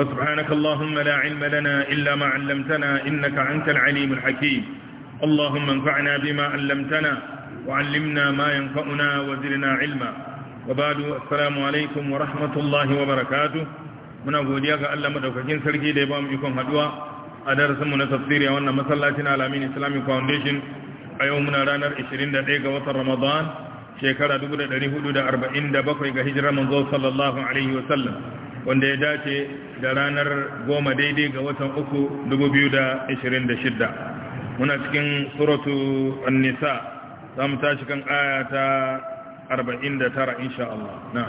فسبحانك اللهم لا علم لنا إلا ما علمتنا إنك أنت العليم الحكيم اللهم انفعنا بما علمتنا وعلمنا ما ينفعنا وزرنا علما وبعد السلام عليكم ورحمة الله وبركاته من أقول ياك ألا مدوكين سركي ديبام يكون هدوى أدرس من تفسيري وأن مسلاتنا الأمين إسلامي فاونديشن أيومنا رانر 21 وطن رمضان shekara 447 ga hijirar manzo sallallahu alaihi wasallam wanda ya dace da ranar goma daidai ga watan uku 2026 muna cikin suratu annisa za mu tashi kan aya ta 49 insha Allah na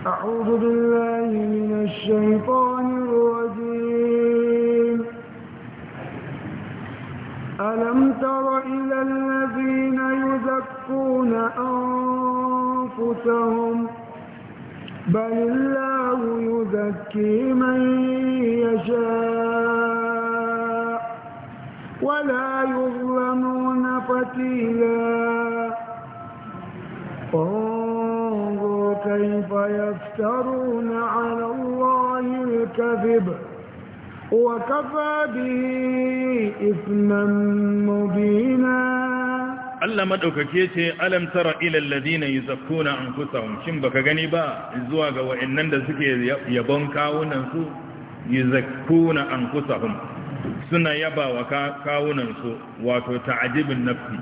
أعوذ بالله من الشيطان الرجيم ألم تر إلى الذين يزكون أنفسهم بل الله يزكي من يشاء ولا يظلمون فتيلا انظر كيف يفترون على الله الكذب وكفى به إثما مبينا Allah madaukake ce alam tara ila alladhina yuzakkuna anfusahum shin baka gani ba zuwa ga wa'annan da suke yabon kawunan su yuzakkuna anfusahum suna yaba wa kawunan su wato ta'jibin nafsi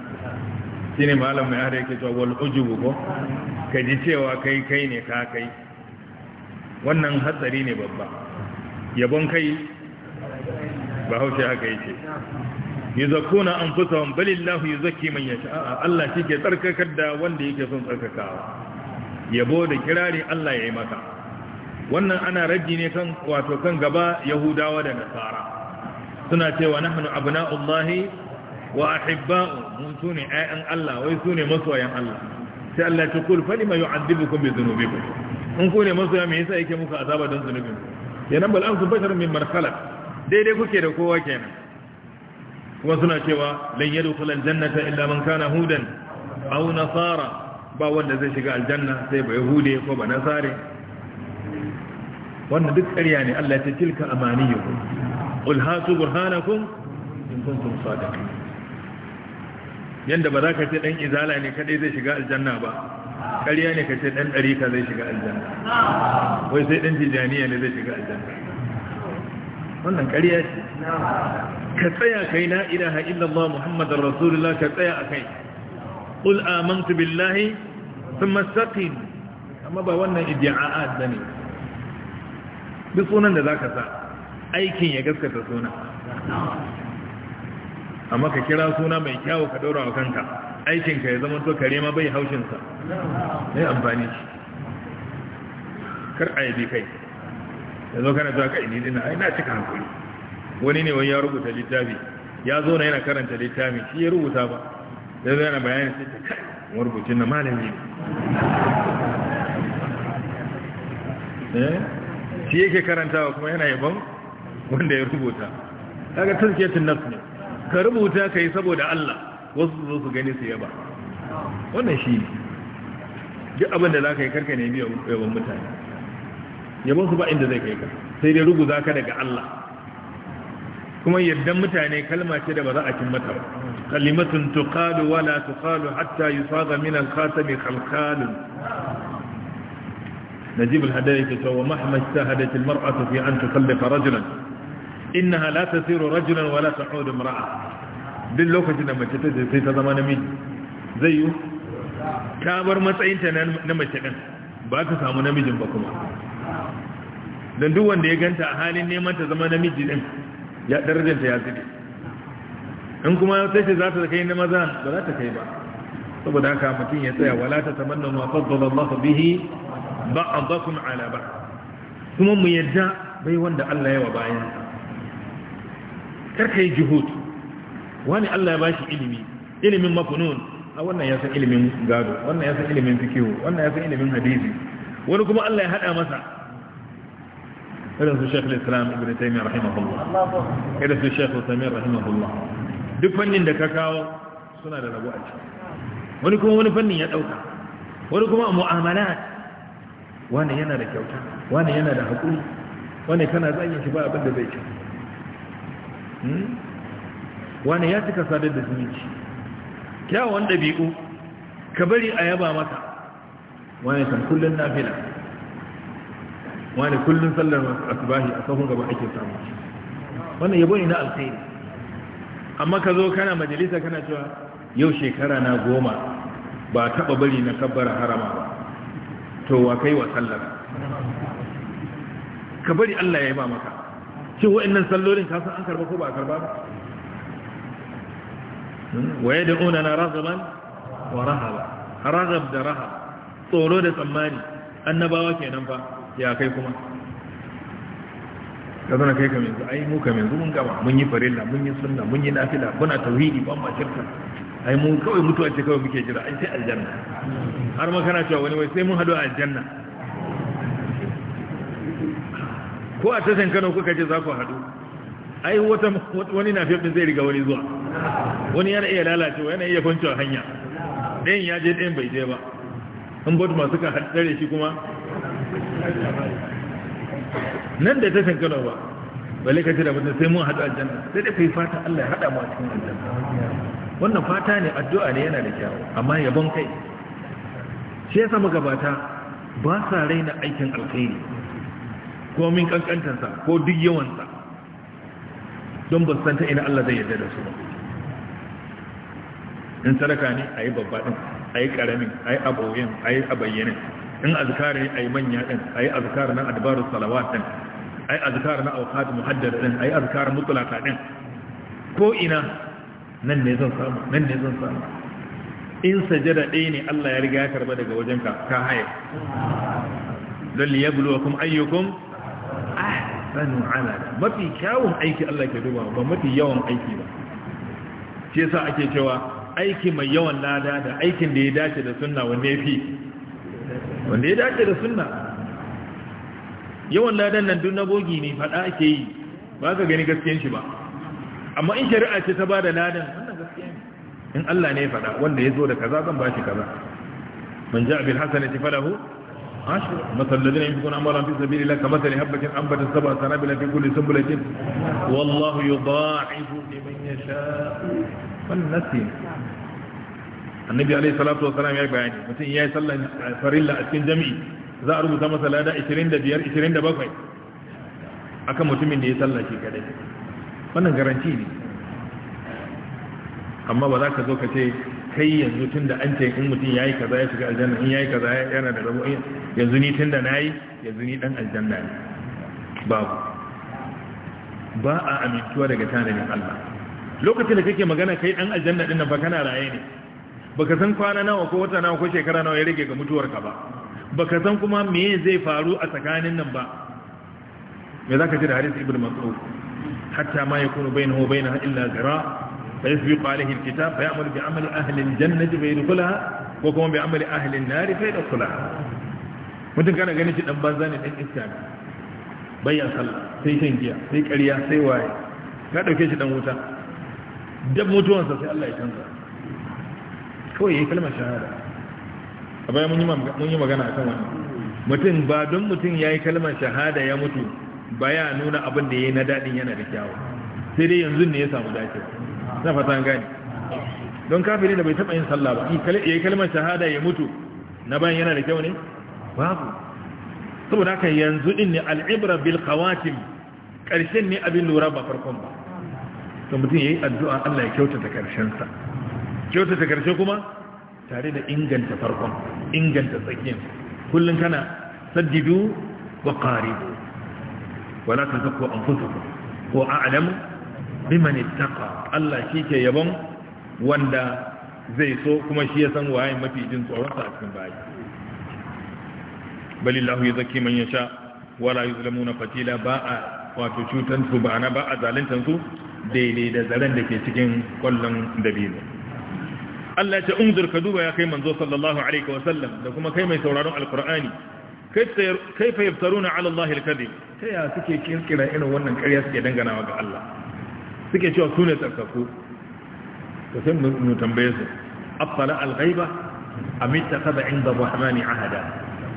shine malam mai hare yake cewa wal ujubu ko ka ji cewa kai kai ne ka kai wannan hatsari ne babba yabon kai ba hausa haka yake yuzakkuna anfusahum balillahu yuzakki man yasha Allah shi ke tsarkakar da wanda yake son tsarkakawa yabo da kirari Allah ya yi maka wannan ana ra'ji ne kan wato kan gaba yahudawa da nasara suna cewa nahnu abna'ullahi wa ahibba'u mun sune ayyan Allah wai sune masoyan Allah sai Allah ya ce kul falima yu'adhibukum bi dhunubikum in ku ne masoya me yasa yake muku azaba don zunubin yanan bal amsu basharun mimman khalaq daidai kuke da kowa kenan kuma suna cewa lan yadkhul aljannata illa man kana hudan aw nasara ba wanda zai shiga aljanna sai ba yahude ko ba nasare wannan duk ƙarya ne Allah ya tilka amaniyukum qul hatu burhanakum in kuntum sadiqin yanda ba za ka ce dan izala ne kadai zai shiga aljanna ba ƙarya ne ka ce dan ɗarika zai shiga aljanna wai sai dan tijaniya ne zai shiga aljanna wannan ƙarya ce ka tsaya kai la ilaha illallah muhammadar rasulullah ka tsaya a kai ƙul amantu billahi sun masaƙin amma ba wannan idi'a'ad ba ne duk sunan da za ka sa aikin ya gaskata suna amma ka kira suna mai kyawu ka ɗora wa kanka aikinka ya zama to kare ma bai haushinsa ya amfani shi kar a yabi kai ya zo kana zuwa kai ni dina ai na cika hankali wani ne wani ya rubuta littafi ya zo na yana karanta littafi shi ya rubuta ba ya zai yana bayani sai ta kai marubucin na malami ne eh? shi yake karantawa kuma yana yabon wanda ya rubuta daga tasketin nafs ne ka rubuta ka yi saboda Allah wasu zo su gani su yaba wannan shi ne duk abin da za ka yi karka ne biya yabon mutane yabon su ba inda zai kai ka sai dai rubuta ka daga Allah kuma yaddan mutane kalma ce da ba za a cin mata kalimatun tuqalu wala tuqalu hatta yusaga min al-khatami khalqal najib al-hadari ke cewa mahma istahadat al-mar'atu fi an tukallifa rajulan innaha la tasiru rajulan wala ta'udu imra'a duk lokacin da mace ta sai ta zama namiji zai yi ta bar matsayin ta na mace din ba ta samu namijin ba kuma dan duk wanda ya ganta a halin neman ta zama namiji din ya darajanta ya zube in kuma sai ce za ta kai na maza ba za ta kai ba saboda haka mutum ya tsaya wala ta tamanna ma faddala Allah bihi ba'dakum ala ba kuma mu yadda bai wanda Allah ya wa bayan karka yi juhud wani Allah ya bashi ilimi ilimin mafunun a wannan ya san ilimin gado wannan ya san ilimin fikihu wannan ya san ilimin hadisi wani kuma Allah ya hada masa irin su shekul islam ibn taimiyar rahimahullah irin su shekul samir rahimahullah duk fannin da ka kawo suna da rabu a ciki wani kuma wani fannin ya ɗauka wani kuma a mu'amala wani yana da kyauta wani yana da haƙuri wani kana zagin shi ba abin da zai ci wani ya cika sadar da zumunci kyawon ɗabi'u ka bari a yaba maka wani kan kullum na fila wani kullum sallar asubahi a sahun gaba ake samu wannan yabo ne na alkhairi amma ka zo kana majalisa kana cewa yau shekara na goma ba taba bari na kabbara harama ba to wa kai wa sallar ka bari Allah ya yi ba maka shin wa'annan sallolin ka san an karba ko ba a karba ba wa yad'una na raghaban wa rahaba ragab da rahab tsoro da tsammani annabawa kenan fa ya kai kuma ka zana kai kam yanzu ai mu kam yanzu mun gama mun yi farilla mun yi sunna mun yi nafila muna tauhidi ban ma shirka ai mu kawai mutuwa ce kawai muke jira ai sai aljanna har ma kana cewa wani wai sai mun hadu a aljanna ko a tashin Kano kuka ce za ku hadu ai wata wani na fiye zai riga wani zuwa wani yana iya lalacewa yana iya kwanciyar hanya ɗayan ya je ɗayan bai je ba an bautu masu ka haɗare shi kuma nan da ta shankala ba bale ka jira mutum sai mun haɗu aljanna sai dai kai fata Allah ya haɗa mu a cikin aljanna wannan fata ne addu'a ne yana da kyau amma yabon kai shi yasa magabata ba sa raina aikin alkhairi ko min kankantarsa ko duk yawansa don ba san ina Allah zai yarda da su ba in sadaka ne ayi babba din ayi karamin ayi a ayi abayyanin in azkari ne manya din ay azkar na adbarus salawat din ay azkar na awqat muhaddad din ay azkar mutlaqa din ko ina nan ne zan samu nan ne zan samu in sajada ɗaya ne Allah ya riga ya karba daga wajenka ka haye don liyabluwakum ayyukum ahsanu amala mafi kyawun aiki Allah ke duba ba mafi yawan aiki ba shi yasa ake cewa aiki mai yawan lada da aikin da ya dace da sunna wanne fi wanda ya dace da sunna yawan ladan nan duk na ne faɗa ake yi ba ka gani gaskiyan shi ba amma in shari'a ce ta ba da ladan wannan gaskiya ne in Allah ne ya faɗa wanda ya zo da kaza zan ba shi kaza man ja'a bil hasanati falahu عشر مثل الذين ينفقون أمرا في سبيل الله كمثل حبة أنبت سبع سنابل في كل سنبلة والله يضاعف لمن يشاء والنسي annabi alaihi salatu wa salam ya bayani mutum ya yi sallar farilla a cikin jami'i za a rubuta masa lada 25 27 akan mutumin da ya sallah shi kadai wannan garanti ne amma ba za ka zo ka ce kai yanzu tun da an ce in mutum ya yi kaza ya shiga aljanna in ya yi kaza yana da rabu yanzu ni tun da na yi yanzu ni dan aljanna ne babu ba a amintuwa daga tanadin Allah lokacin da kake magana kai dan aljanna din nan fa kana raye ne baka san kwana nawa ko wata nawa ko shekara nawa ya rage ga mutuwarka ba baka san kuma me zai faru a tsakanin nan ba me zaka ji da hadis ibn mas'ud hatta ma yakunu bainahu wa bainaha illa zira fa yasbiqu alayhi alkitab fa ya'malu bi amali ahli aljannati fa yadkhulaha wa kuma bi amali ahli an-nar fa yadkhulaha mutum kana ganin shi dan banza ne dan iska bai ya sallah sai shan giya sai ƙarya sai waye ka dauke shi dan wuta dab mutuwansa sai Allah ya canza kawai ya yi kalmar shahada a baya mun yi magana a kan mutum ba don mutum ya yi kalmar shahada ya mutu ba ya nuna abin da ya yi na daɗin yana da kyawu sai dai yanzu ne ya samu dacewa na fata gani don kafiri da bai taɓa yin sallah ba ya yi kalmar shahada ya mutu na bayan yana da kyau ne babu saboda haka yanzu din ne al'ibra bil qawatim karshen ne abin lura ba farkon ba to mutum yayi addu'a Allah ya kyautata karshen sa ta karshe kuma tare da inganta farkon inganta tsakiyar kullum kana saddidu wa ƙaribu. wala tazakku anfusakum wa a'lamu Bimani, ittaqa Allah shi ke yabon wanda zai so kuma shi ya san waye mafi jin tsoron a cikin bayi balillahu yuzakki man yasha wala yuzlamuna fatila ba a wato cutan su ba na ba a zaluntan su daidai da zaren da ke cikin kwallon dabino Allah ce unzur ka duba ya kai manzo sallallahu alaihi wa sallam da kuma kai mai sauraron alqur'ani kaifa yaftaruna ala Allah alkadhib kai ya suke kirkira irin wannan ƙarya suke danganawa ga Allah suke cewa sune tsarkaku to sai mu tambaye su afala alghaiba am ittakhadha inda arrahmani ahada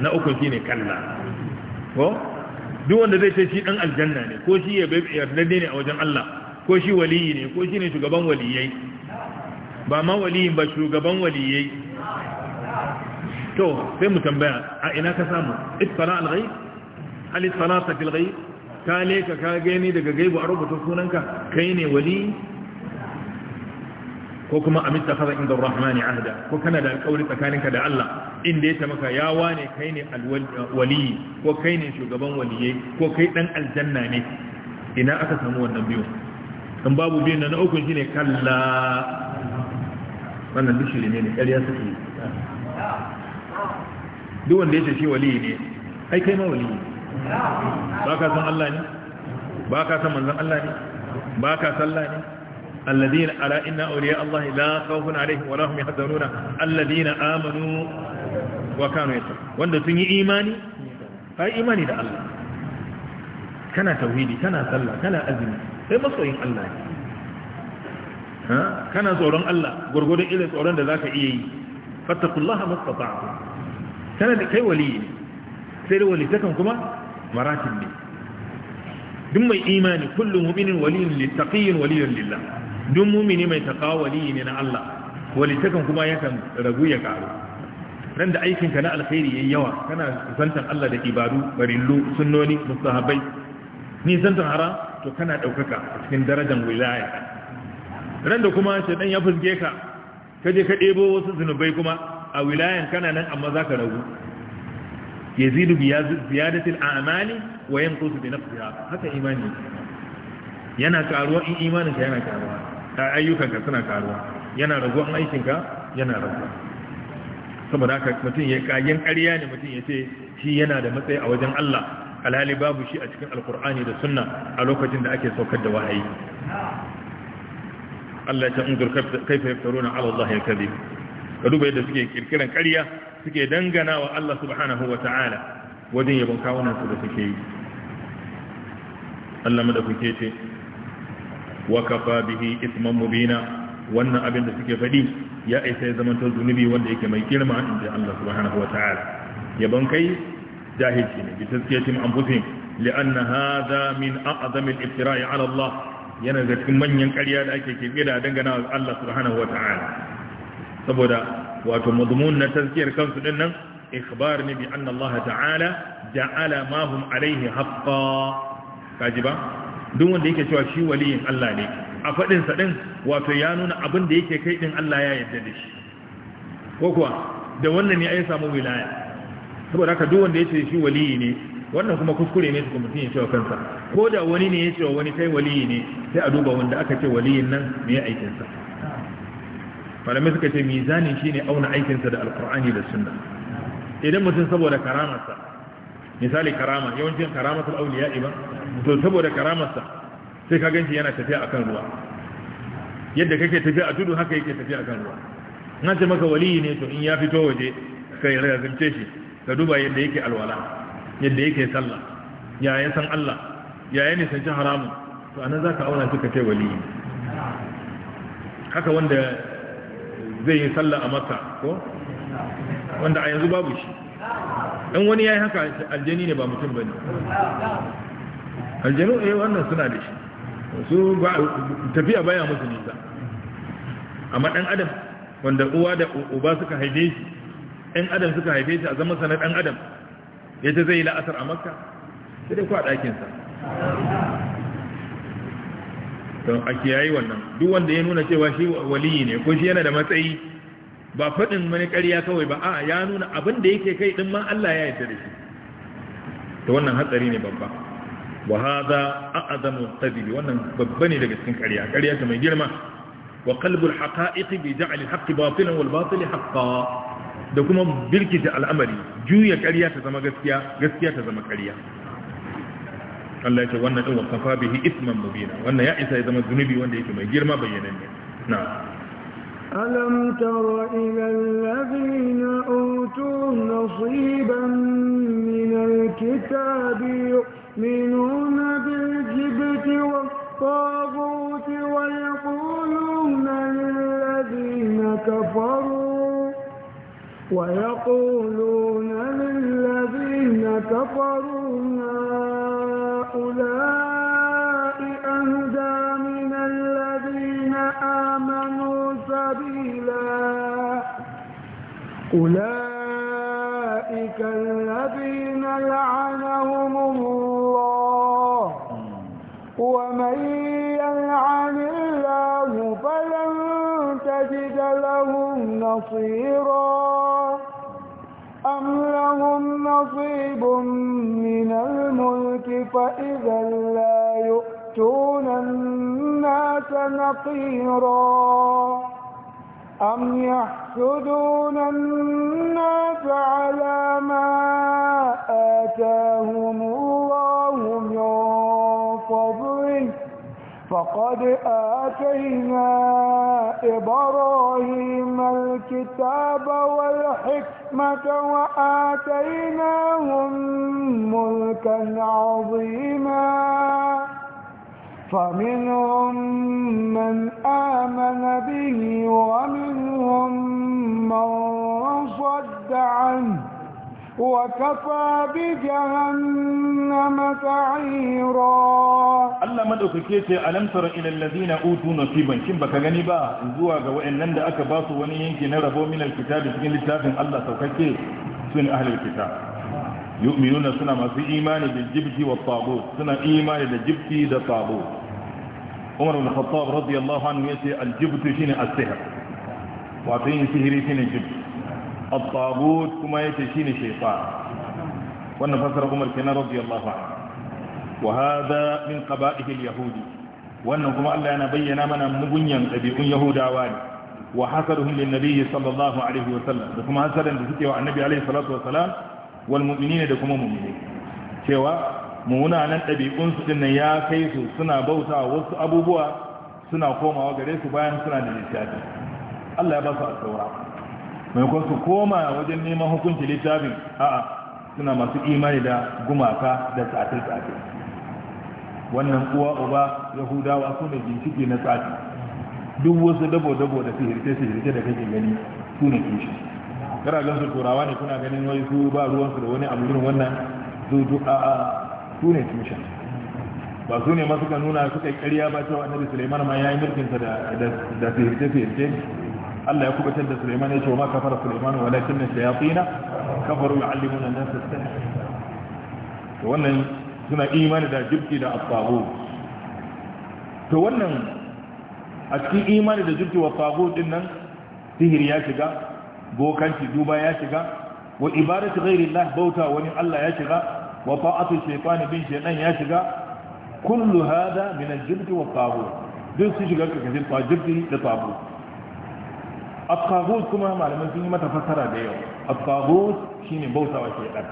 na uku shine kalla ko duk wanda zai ce shi dan aljanna ne ko shi ya bai yarda ne a wajen Allah ko shi waliyi ne ko shi ne shugaban waliyai ba ma waliyin ba shugaban waliyai to sai mu tambaya a ina ka samu isfara al-ghaib al-isfara fil ghaib ka leka ka gani daga gaibu a rubuta sunanka kai ne wali ko kuma amin ta fara inda rahmani ahda ko kana da alƙawari tsakaninka da Allah inda ya tamaka ya wane kai ne alwali ko kai ne shugaban waliye ko kai dan aljanna ne ina aka samu wannan biyu in babu biyu na uku shine kalla wannan duk shirme ne ƙarya suke yi duk wanda ya ce shi waliyi ne ai kai ma waliyi ba ka san Allah ne ba ka san manzan Allah ne ba ka sallah ne الذين على إن أولياء الله لا خوف عليهم ولا هم يحزنون الذين آمنوا وكانوا يتقون wanda sun yi imani ai imani da Allah kana tauhidi kana sallah kana azumi sai masoyin Allah ne kana tsoron Allah gurgurdan irin tsoron da za ka iya yi fattaqullaha mastata'a kana da kai wali sai da wali takan kuma maratib ne Dun mai imani kullum mu'minin waliyun littaqiyyin waliyun lillah Dun mu'mini mai taqwa waliyi ne na Allah wali takan kuma yakan ragu ya karu nan da aikinka na alkhairi yayi yawa kana kusantan Allah da ibadu barillu sunnoni mustahabai ni zantan Haram, to kana daukaka cikin darajar wilaya ran da kuma shaidan ya fuske ka kaje ka debo wasu zinubai kuma a wilayan kana nan amma za ka ragu yazidu ziyadatil a'mali wa yanqusu bi nafsiha haka imani yana karuwa in imanin ka yana karuwa ta ayyukan ka suna karuwa yana ragu an aikin ka yana ragu saboda haka mutum ya kayan ƙarya ne mutum ya ce shi yana da matsayi a wajen Allah alhali babu shi a cikin alkur'ani da sunna a lokacin da ake saukar da wahayi Allah ya ce unzur kaifa yaftaruna ala Allah al-kadhib ka duba yadda suke kirkiran ƙarya suke dangana wa Allah subhanahu wa ta'ala wajen yabon kawunan su da suke yi Allah madafuke ce wa kafa bihi isman mubina wannan abin da suke faɗi ya isa ya zama zunubi wanda yake mai girma inda Allah subhanahu wa ta'ala yabon kai jahilci ne bi tazkiyatim anfusihim li'anna hadha min a azamin iftira'i 'ala Allah yana da cikin manyan ƙarya da ake kirkira da dangana wa Allah subhanahu wa ta'ala saboda wato mazmun na tazkiyar kansu din nan ikhbar ne bi anna Allah ta'ala ja'ala ma hum alaihi haqqan kaji ba duk wanda yake cewa shi waliyin Allah ne a fadin sa din wato ya nuna abin da yake kai din Allah ya yarda da shi ko kuwa da wannan ne ai samu wilaya saboda haka duk wanda yake shi waliyi ne wannan kuma kuskure ne su mutum ya cewa kansa ko da wani ne ya wa wani kai waliyi ne sai a duba wanda aka ce waliyin nan me ya aikinsa malami suka ce mizanin shine auna aikinsa da alkur'ani da sunna idan mutum saboda karamarsa misali karama yawancin karamatul auliya ba to saboda karamarsa sai ka ganci yana tafiya akan ruwa yadda kake tafiya a tudu haka yake tafiya akan ruwa na ce maka waliyi ne to in ya fito waje kai razimce shi ka duba yadda yake alwala yadda yake sallah ya ya san Allah ya ya nisanci haramun to anan za ka auna suka ce wali haka wanda zai yi sallah a maka ko wanda a yanzu babu shi ɗan wani ya yi haka aljani ne ba mutum ba ne aljani ne eh, wannan suna da shi su tafiya baya musu nisa amma ɗan adam wanda uwa da uba suka haife shi ɗan adam suka haife shi a zama sanar ɗan adam ya zai yi la'asar a makka sai dai ku a ɗakinsa don a kiyaye wannan duk wanda ya nuna cewa shi waliyi ne ko shi yana da matsayi ba faɗin wani ƙarya kawai ba a ya nuna abin da yake kai ɗin ma Allah ya yadda da shi to wannan hatsari ne babba wa hadha a'zamu wannan babba ne daga cikin ƙarya ƙarya ta mai girma wa kalbul haqa'iqi bi ja'li haƙƙi haqqi batilan wal batili da kuma birkita al'amari juya ƙarya ta zama gaskiya gaskiya ta zama ƙarya Allah ce wannan din wakafa bihi isman mubina wannan ya isa ya zama zunubi wanda yake mai girma bayyanan ne alladhina utu nasiban min alkitabi أوتوا bil jibti wa يؤمنون wa yaquluna lil للذين kafaru ويقولون للذين كفروا هؤلاء أهدى من الذين آمنوا سبيلا أولئك الذين لعنهم الله ومن يلعن الله فلن تجد لهم نصيراً أم لهم نصيب من الملك فإذا لا يؤتون الناس نقيرا أم يحسدون الناس على ما آتاهم الله فقد آتينا إبراهيم الكتاب والحكمة وآتيناهم ملكا عظيما فمنهم من آمن به ومنهم من صد عنه وكفى بجهنم سعيرا Allah madaukake ce alam tara ila alladhina utu nasiban kin baka gani ba zuwa ga wayannan da aka ba su wani yanki na rabo min alkitabi cikin littafin Allah saukake sun ahlul kitab yu'minuna suna masu imani da jibti wa tagut suna imani da jibti da tagut Umar bin Khattab radiyallahu anhu yace aljibtu shine as-sihr wa tayin sihiri shine jibti at-tagut kuma yace shine shaytan wannan fasara Umar kenan radiyallahu anhu wa hada min qaba'ih al-yahudi wannan kuma Allah yana bayyana mana mugunyan dabi'un yahudawa ne wa hasaduhum lin-nabiy sallallahu alaihi wa sallam da kuma hasadan da suke wa annabi salatu wa salam da kuma cewa munanan ɗabi'un su din ya kai su suna bauta wasu abubuwa suna komawa gare su bayan suna da lissafi Allah ya ba su al mai kwasu su koma wajen neman hukunci littafin a'a suna masu imani da gumaka da tsafe-tsafe wannan uwa uba yahudawa su ne bincike na tsafi duk wasu dabo-dabo da sihirce-sihirce da kake gani su ne kishi karagan su turawa ne kuna ganin wai su ba ruwansu da wani abu irin wannan su a a'a su ne tushen ba su ne masu ka nuna suka yi karya ba cewa annabi suleiman ma ya yi mulkinsa da sihirce-sihirce Allah ya kubutar da Sulaiman ya ce wa ma kafara Sulaiman walakin shayatin kafaru yu'allimuna an-nasa as-sihr to wannan suna imani da jibti da as to wannan a cikin imani da jibti wa sabu din nan sihiri ya shiga bokanci duba ya shiga wa ibadatu ghairi Allah bauta wani Allah ya shiga wa ta'atu shaytani bin shaytan ya shiga kullu hada min al-jibti wa sabu duk su shiga cikin jibti da sabu at kuma malaman sun yi mata fassara da yau at-taghut bauta bautawa shaytan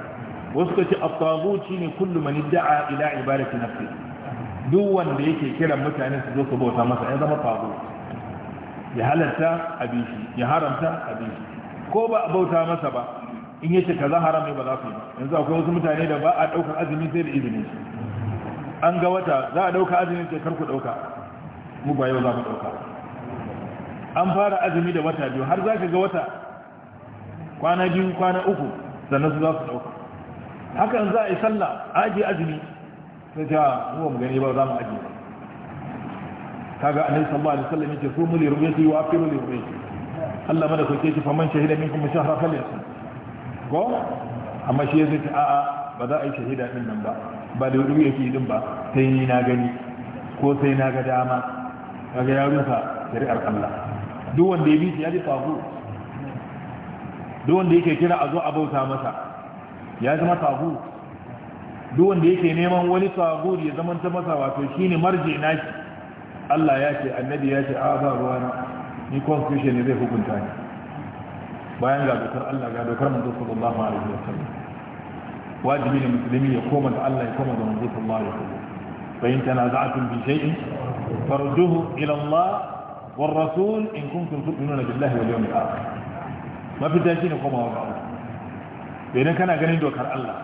wasu ce at-taghut shine kullu man da'a ila ibadati nafsi duk wanda yake kira mutane su zo su bauta masa ya zama fago ya halarta abin ya haramta abin ko ba a bauta masa ba in yace kaza haram ne ba za su yi yanzu akwai wasu mutane da ba a daukar azumi sai da izinin shi an ga wata za a dauka azumin sai kar ku dauka mu ba yau za mu dauka an fara azumi da wata biyu har za ka ga wata kwana biyu kwana uku sannan su za su ɗauka hakan za a yi sallah aji azumi sai ta mu mu gani ba za mu aji kaga annabi sallallahu alaihi wasallam yake so mu li rubyati wa afiru li rubyati Allah mada ko ce fa man shahida minkum shahra falyasum go amma shi yace a a ba za a yi shahida din nan ba ba da wuri yake din ba sai ni na gani ko sai na ga dama kaga ya rusa shari'ar Allah duk wanda ya bi ya ji tagut duk wanda yake kira a zo a bauta masa ya zama tagut duk wanda yake neman wani tagut ya zama ta masa wato shine marje na shi Allah ya ce annabi ya ce a ba ruwana ni constitution ne zai hukunta ni bayan ga dokar Allah ga dokar manzo sallallahu alaihi wasallam wajibi ne musulmi ya koma da Allah ya koma da manzo sallallahu alaihi wasallam fa in tanaza'tum bi shay'in farduhu ila Allah والرسول إن كنتم تؤمنون بالله واليوم الآخر ما في تاشين كما وضع بينما كان ganin dokar Allah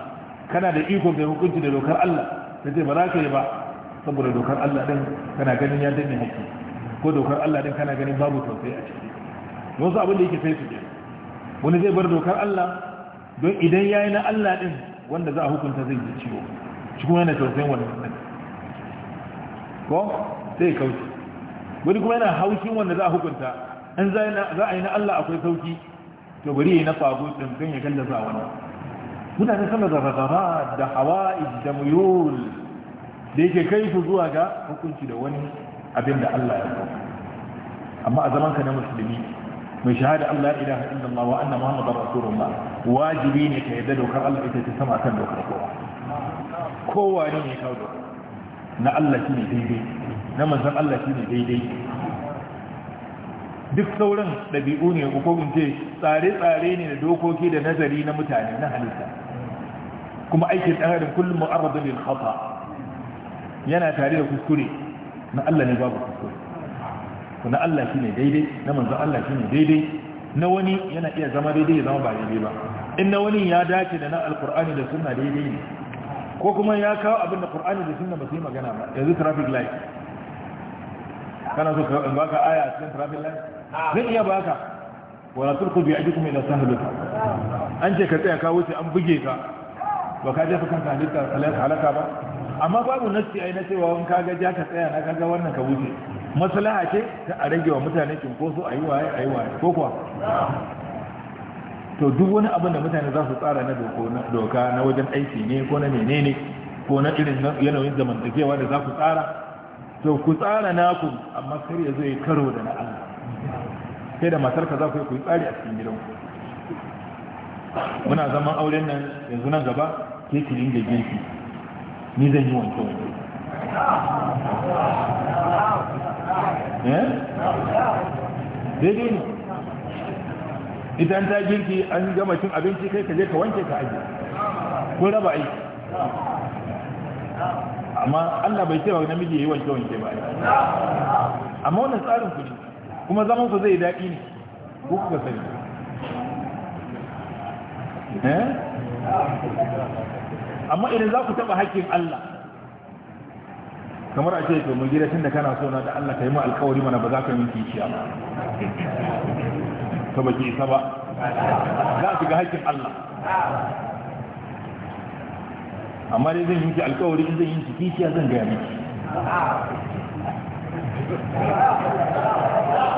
kana da iko kai hukunci da dokar Allah kace ba za ka yi ba saboda dokar Allah din kana ganin ya danne haƙƙi ko dokar Allah din kana ganin babu tausayi a ciki wasu abin da yake sai su ke wani zai bar dokar Allah don idan yayi na Allah din wanda za a hukunta zai ji ciwo shi kuma yana tausayin wannan ko sai kauce wani kuma yana haushin wanda za a hukunta in za a yi na Allah akwai sauki to bari yi na fago tsinkan ya a wani mutane sama da razara da hawa'ij da muyul da yake kai su zuwa ga hukunci da wani abin da Allah ya kawo amma a zaman ka na musulmi mai shahada Allah ya ilaha illallah wa anna muhammadar rasulullah wajibi ne ka yadda dokar Allah ita ce sama kan dokar kowa kowa ne ya kawo dokar na Allah shi ne daidai na manzan Allah shi ne daidai duk sauran ɗabi'u ne ko in ce tsare-tsare ne da dokoki da nazari na mutane na halitta kuma aikin ɗan adam kullum mu'arradu lil khata yana tare da kuskure na Allah ne babu kuskure na Allah shi ne daidai na manzan Allah shi ne daidai na wani yana iya zama daidai ya zama ba daidai ba in na wani ya dace da na alkur'ani da suna daidai ne ko kuma ya kawo abin da qur'ani da sunna ba su yi magana ba yanzu traffic light kana so ka aya a cikin traffic light zan iya baka wala turku bi mai ila sahlika an ce ka tsaya ka wuce an buge ka ba ka jefa kanka halitta halaka ba amma babu nasi ai na cewa wani kaga ja ka tsaya na kaga wannan ka wuce maslaha ce ta a rage wa mutane cinkoso a yi waye a yi waye ko kuwa to duk wani abin da mutane za su tsara na doka na wajen aiki ne ko na menene ko na irin yanayin zamantakewa da za ku tsara to ku tsara naku amma kar ya zo ya karo da na Allah sai da matar ka za ku yi ku yi tsari a cikin gidanku muna zaman auren nan yanzu nan gaba ke kilin da girki ni zan yi wanke wanke eh daidai ne idan ta girki an gama cin abinci kai ka je ka wanke ka aje ko raba aiki amma Allah bai cewa namiji yayi wanke wanke ba amma wannan tsarin ku ne kuma zaman ku zai daɗi ne ku kuka sani eh amma idan za ku taɓa haƙƙin Allah kamar a ce to mun gida tunda kana so na da Allah kai mu alƙawari mana ba za ka yi kishiya ba to baki isa ba za ka ga haƙƙin Allah amma dai zan yi miki alkawari in zan yi miki kishiya zan gaya miki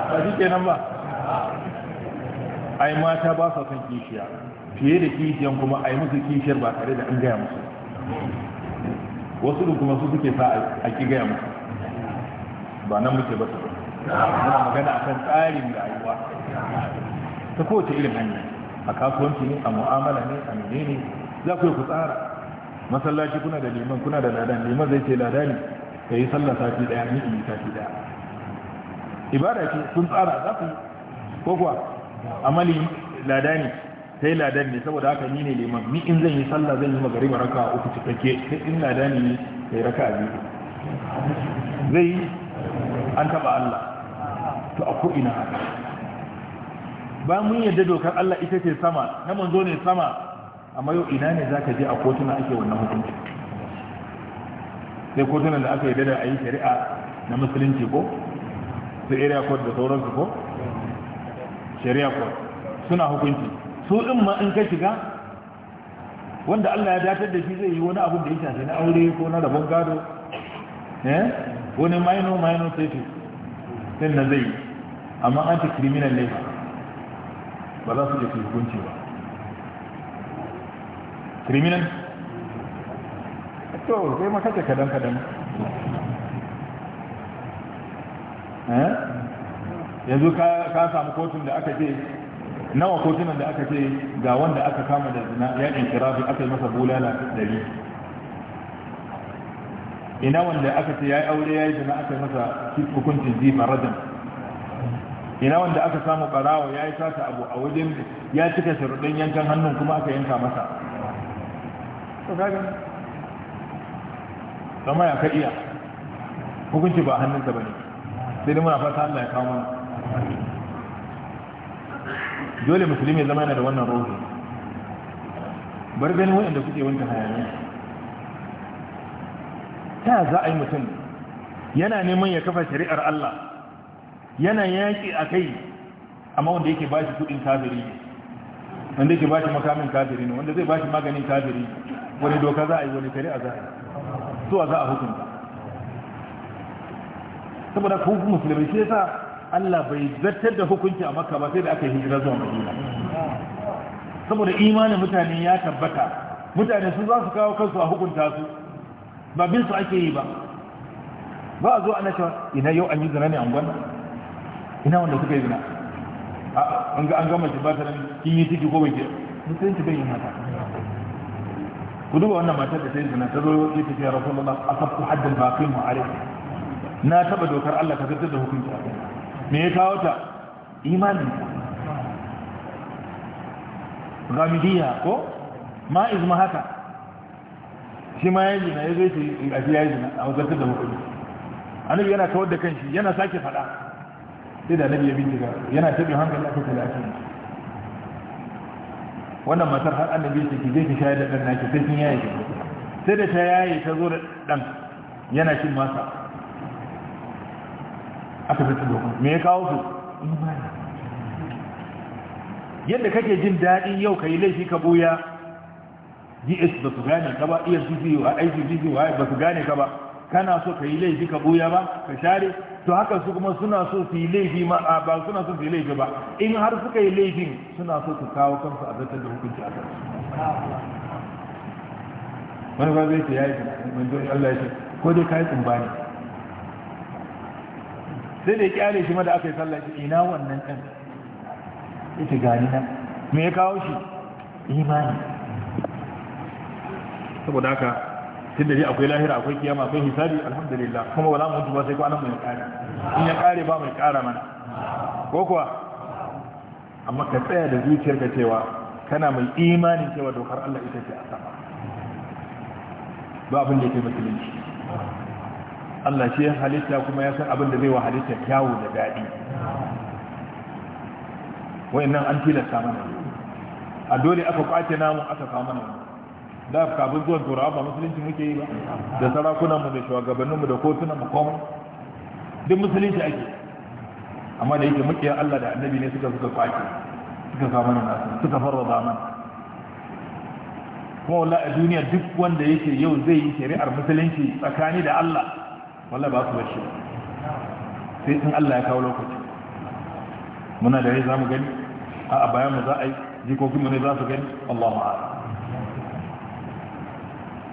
ba shi kenan ba ai mata ba sa son kishiya fiye da kishiyan kuma ai musu kishiyar ba tare da an gaya musu wasu da kuma su suke sa a ki gaya musu ba nan muke ba su muna magana a kan tsarin rayuwa ta kowace irin hanya a kasuwanci ne a mu'amala ne a menene za ku yi ku tsara masallaci kuna da liman kuna da ladan liman zai ce ne ka yi sallah sati daya ni in yi sati daya ibada ce sun tsara za ku ko kuwa amma ne sai ladan ne saboda haka ni ne liman ni in zan yi sallah zan yi ba raka uku cikakke sai in lada ne sai raka a biyu zai yi an taba Allah to a ko ina haka ba mun yadda dokar Allah ita ce sama na manzo ne sama amma yau ina ne za ka je a kotuna ake wannan hukunci sai kotunan da aka yi dada a yi shari'a na musulunci ko su area court da sauransu ko shari'a court suna hukunci su in ma in ka shiga wanda Allah ya datar da shi zai yi wani abu da ya shafi na aure ko na rabon gado eh wani minor minor status sai na zai amma anti criminal ne ba za su je su hukunci ba criminal to sai maka ce kadan kadan eh? yanzu ka samu kotun da aka ce nawa kotunan da aka ce ga wanda aka kama da zina ya inkirafi aka yi masa bulala dari ina wanda aka ce ya yi aure ya yi zina aka yi masa hukuncin jifa rajan ina wanda aka samu barawa ya yi sata abu a wajen ya cika shirudin yankan hannun kuma aka yanka masa tsakanin ya ka iya hukunci ba hannunsa ba ne sai da muna fata Allah ya kawo mana dole musulmi zama yana da wannan rohi bar ganin waɗanda kuke wanke hayaniya ta za a yi mutum yana neman ya kafa shari'ar Allah yana yaƙi a kai amma wanda yake ba shi kuɗin kafiri wanda yake ba shi makamin kafiri ne wanda zai ba shi maganin kafiri wani doka za a yi wani shari'a za a yi zuwa za a hukunta saboda ku musulmi shi yasa Allah bai zartar da hukunci a makka ba sai da aka yi hijira zuwa madina saboda imanin mutane ya tabbata mutane sun za su kawo kansu a hukunta su ba bin su ake yi ba ba a zo ana cewa ina yau an yi zina ne an gwanna ina wanda suka yi zina an ga an gama shi ba ta nan kin yi ciki ko bai ke musulunci bai yi mata. ku duba wannan matar da ta yi zina ta zo ya tafi ya rasu Allah a sabtu haddin baƙin mu alai na taɓa dokar Allah ka zartar da hukunci a me ya kawo ta imani gamidiya ko ma izma haka shi ma ya zina ya zai ta yi a ya zina a zartar da hukunci annabi yana kawar da kanshi yana sake faɗa sai da annabi ya bincika yana taɓin hankali a kuka da ake yi wannan matar har annabi su ki zai ki shayar da na naki sai kin yaye ki sai da ta yaye ta zo da dan yana cin masa aka fi dokon me ya kawo su yadda kake jin daɗi yau ka yi laifi ka buya ds ba su gane ka ba efcc wa icc ba su gane ka ba kana so ka yi laifi ka buya ba ka share to haka su kuma suna so su yi laifi ma ba suna so su yi laifi ba in har suka yi laifin suna so su kawo kansu a zartar da hukunci a kansu wani ba zai ce ya yi Allah ya ce ko dai yi tsumba ne sai da ya kyale shi ma da aka yi sallah shi ina wannan ɗan ya ce gani nan me ya kawo shi imani saboda haka tunda dai akwai lahira akwai kiyama akwai hisabi alhamdulillah kuma wala mutu ba sai ko anan mai kare in ya kare ba mai kara mana ko kuwa amma ka tsaya da zuciyar ka cewa kana mai imanin cewa dokar Allah ita ce a sama ba abin da yake musulunci Allah shi halitta kuma ya san abin da zai wa halitta kyawu da daɗi wayannan an tilasta mana a dole aka kwace namu aka kawo mana da kafin zuwan turawa ba musulunci muke yi ba da sarakunan mu, da shugabanninmu da kotunanmu komai duk musulunci ake amma da yake mukiyar Allah da annabi ne suka suka kwaki suka kama na nasu suka farwa zaman kuma wallah a duniya duk wanda yake yau zai yi shari'ar musulunci tsakani da Allah wallah ba su bashi sai in Allah ya kawo lokaci muna da rai za mu gani a bayan mu za a yi jikokin mu ne za su gani Allahu a'lam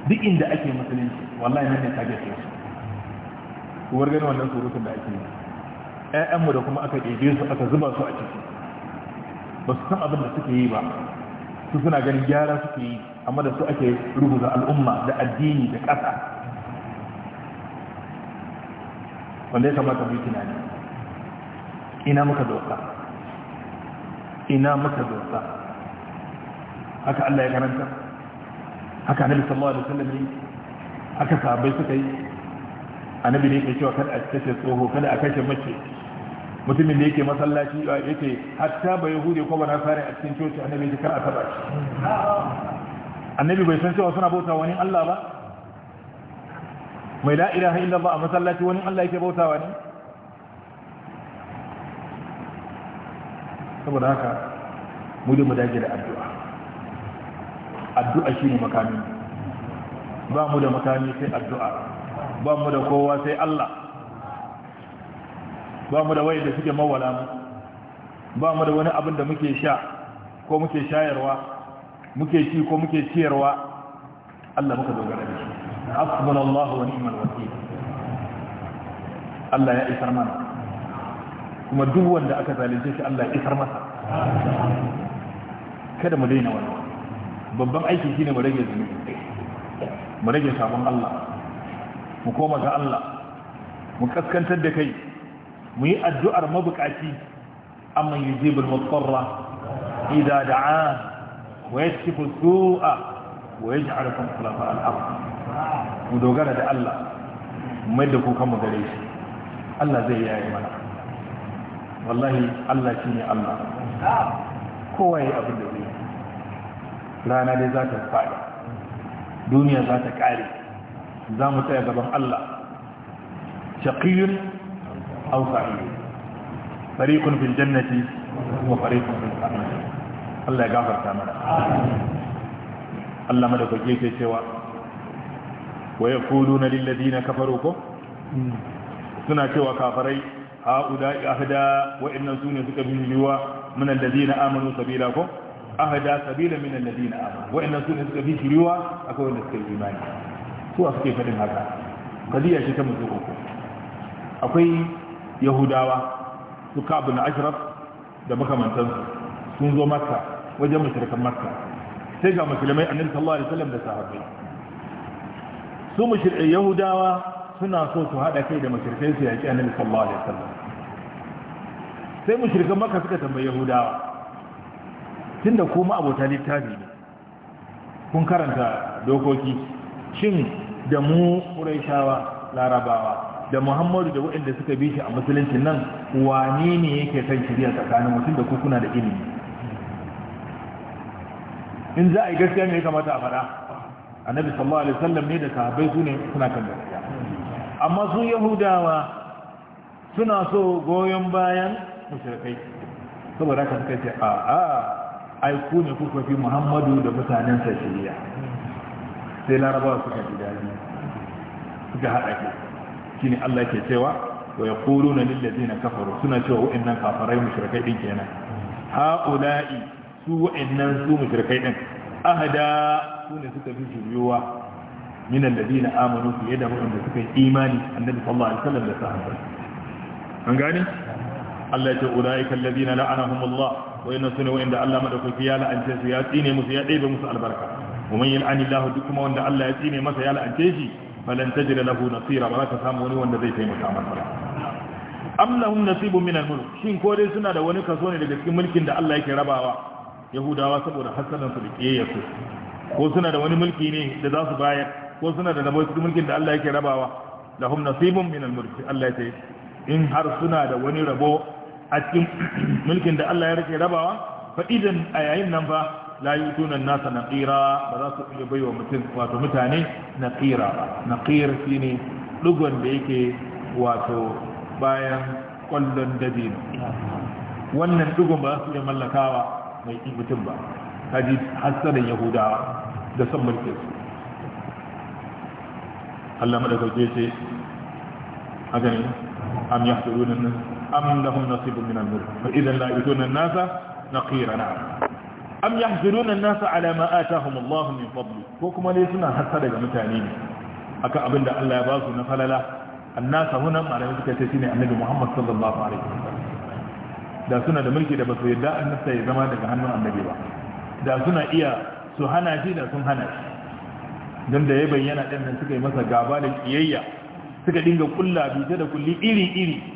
duk inda ake musulunci wallahi nan ne target ɗin su ku war gani wannan surutun da ake yi ƴaƴanmu da kuma aka ɗebe su aka zuba su a ciki ba su san abin da suke yi ba su suna ganin gyara suke yi amma da su ake rubuta al'umma da addini da ƙasa wanda ya kamata mu yi tunani ina muka dosa ina muka dosa haka Allah ya karanta haka annabi sallallahu alaihi wasallam ne haka sahabbai suka yi annabi ne yake cewa kada a kashe tsoho kada a kashe mace mutumin da yake masallaci yake hatta ba yahudi ko ba fara a cikin coci annabi ya kada a taba shi annabi bai san cewa suna bauta wani Allah ba mai la ilaha illallah a masallaci wani Allah yake bautawa ne saboda haka mu da mu dage da addu'a addu'a shi ne makami ba mu da makami sai addu'a ba mu da kowa sai Allah ba mu da waye da suke mawala mu ba mu da wani abin da muke sha ko muke shayarwa muke ci ko muke ciyarwa Allah muka dogara da shi Allah wa ni'mal wakeel Allah ya isar mana kuma duk wanda aka zalunce shi Allah ya isar masa kada mu daina wannan babban aiki shine mu rage zunubi mu rage sabon Allah mu koma ga Allah mu kaskantar da kai mu yi addu'ar mabukaci amma yujibul mutarra idza da'a wa yashifu su'a wa yaj'alukum khulafa al-ard mu dogara da Allah mu mai da kukan mu gare shi Allah zai yaye mana wallahi Allah shine Allah kowa yayi abin da rana dai za ta faɗi duniya za ta ƙare za mu tsaya gaban Allah shaqiyun aw sa'id fariqun fil jannati kuma fariqun fil sa'ir Allah ya gafarta mana Allah madaukake yake cewa wa yaquluna lil ladina kafaru ko suna cewa kafarai ha'ula ahda wa inna sunna suka bin liwa min alladina amanu sabila ko ahada sabila min alladina amanu wa'annan su ne suka fi shiriwa akwai wanda suka yi imani su a suke fadin haka kadiya shi ta mutu uku akwai yahudawa su kabu na ashraf da makamantansu sun zo makka wajen mashirkan makka sai ga musulmai annabi sallallahu alaihi wasallam da sahabbai su mushrikai yahudawa suna so su hada kai da mushrikai su yaki annabi sallallahu alaihi wasallam sai mushrikan makka suka tambayi yahudawa tun da kuma abota littafi ne kun karanta dokoki shin da mu ƙuraishawa larabawa da muhammadu da waɗanda suka bi shi a musulunci nan wane ne yake kan shirya tsakanin mutum da kuna da ilimi in za a yi gaskiya ne ya kamata a faɗa annabi sallallahu alaihi wasallam ne da sahabbai su ne suna kan gaskiya amma su yahudawa suna so goyon bayan mushrikai saboda haka suka ce a'a ai ku ne kuka fi muhammadu da mutanen sa shirya sai larabawa suka ji daji suka haɗa ke shi ne allah ke cewa wa ya kuru na lillazi na kafaru suna cewa wa'annan kafarai mushrikai ɗin kenan ha'ula'i su wa'annan su mushrikai ɗin ahada su ne suka fi shiryuwa min allazi na amanu fiye da waɗanda suka yi imani annabi sallallahu alaihi wasallam da sahabbai an gane Allah ya ce ulaika allazina la'anahumullah wayannan sune wayanda Allah ma madaukaki ya la'ance su ya tsine musu ya ɗebe musu albarka mu man yal'ani Allah duk kuma wanda Allah ya tsine masa ya la'ance shi falan tajida lahu nasira ba za ka samu wani wanda zai taimaka masa ba am lahum nasibun min al-mulk shin ko dai suna da wani kaso ne daga cikin mulkin da Allah yake rabawa yahudawa saboda hasadan su da kiyayyarsu ko suna da wani mulki ne da za su bayar ko suna da rabo cikin mulkin da Allah yake rabawa lahum nasibun min al-mulk Allah ya ce in har suna da wani rabo a cikin mulkin da Allah ya rike rabawa fa idan a yayin nan fa la yutuna nasa naqira ba za su iya baiwa mutum wato mutane naqira ba naqir shine dugon da yake wato bayan kwallon dabino wannan dugun ba za su iya mallakawa mai mutum ba kaji hassanin yahudawa da son mulkin su Allah madaukake ce haka ne am yahdurun nan am lahum nasibun min al-mulk fa idan la yutuna an-nasa naqira na'am am yahziruna an-nasa a ma atahum Allah min fadli ko kuma ne suna hasada ga mutane ne akan abin da Allah ya ba na falala annasa huna malamai suka ce shine annabi Muhammad sallallahu alaihi wasallam da suna da mulki da basu yadda annasa ya zama daga hannun annabi ba da suna iya su hana shi da sun hana shi don da ya bayyana ɗannan suka yi masa gaba da kiyayya suka dinga kulla bita da kulli iri-iri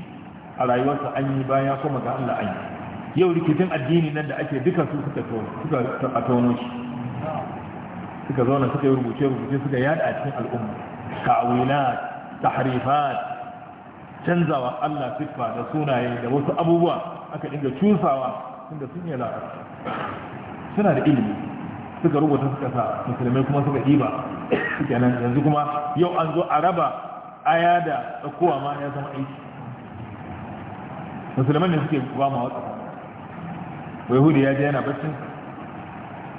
a rayuwarsa an yi baya kuma ga Allah an yi yau rikicin addini nan da ake duka su suka tono shi suka zauna suka yi rubuce rubuce suka yada a cikin al'umma ta'awilat tahrifat canzawa Allah siffa da sunaye da wasu abubuwa aka dinga cusawa inda sun yi la'a suna da ilimi suka rubuta suka sa musulmai kuma suka diba suke nan yanzu kuma yau an zo a raba aya da tsakowa ma ya zama aiki musulman ne suke ba ma wata yahudi ya je yana baccin